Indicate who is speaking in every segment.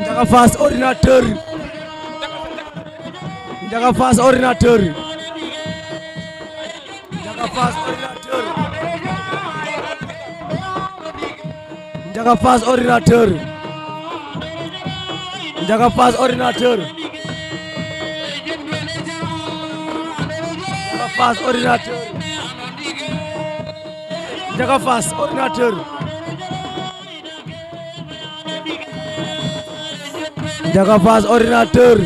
Speaker 1: Ndiaga Fass ordinateur Ndiaga Fass ordinateur Ndiaga ordinateur Ndiaga ordinateur Ndiaga Fass ordinateur ordinateur Ndiaga Fass ordinateur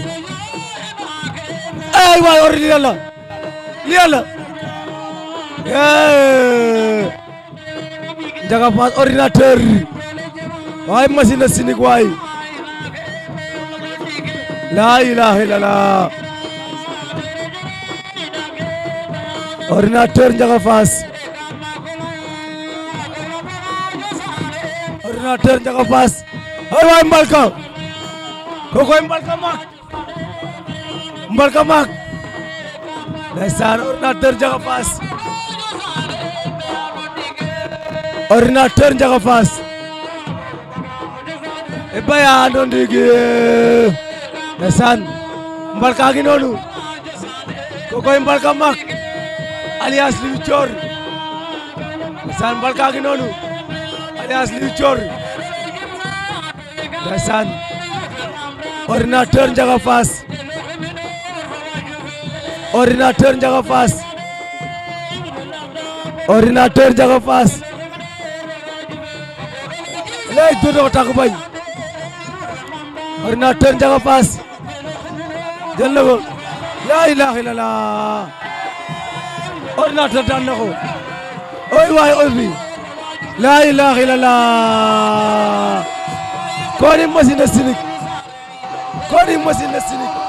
Speaker 1: ay waay ordi yàlla yàlla Ndiaga Fass ordinateur waay machine sinik waay laa ilaaha illallah ordinateur Ndiaga Fass ordinateur Ndiaga Fass waay mbalka kokoy mbalka maak mbalka maak ndeysaan ordinateur Ndiaga Fass ordinateur Ndiaga Fass e baya ando ndiigi ndeysaan mbalka gi noonu kokoy mbalka maak alias Liw Coor ndeysaan mbalka gi noonu alias Liw Coor ordinateur Ndiaga Fass ordinateur Ndiaga Fass ordinateur Ndiaga Fass lay du dox tak bañ ordinateur Ndiaga Fass jël na ko la ilaha illallah ordinateur kooni machine sinik kwani mwezi nasirika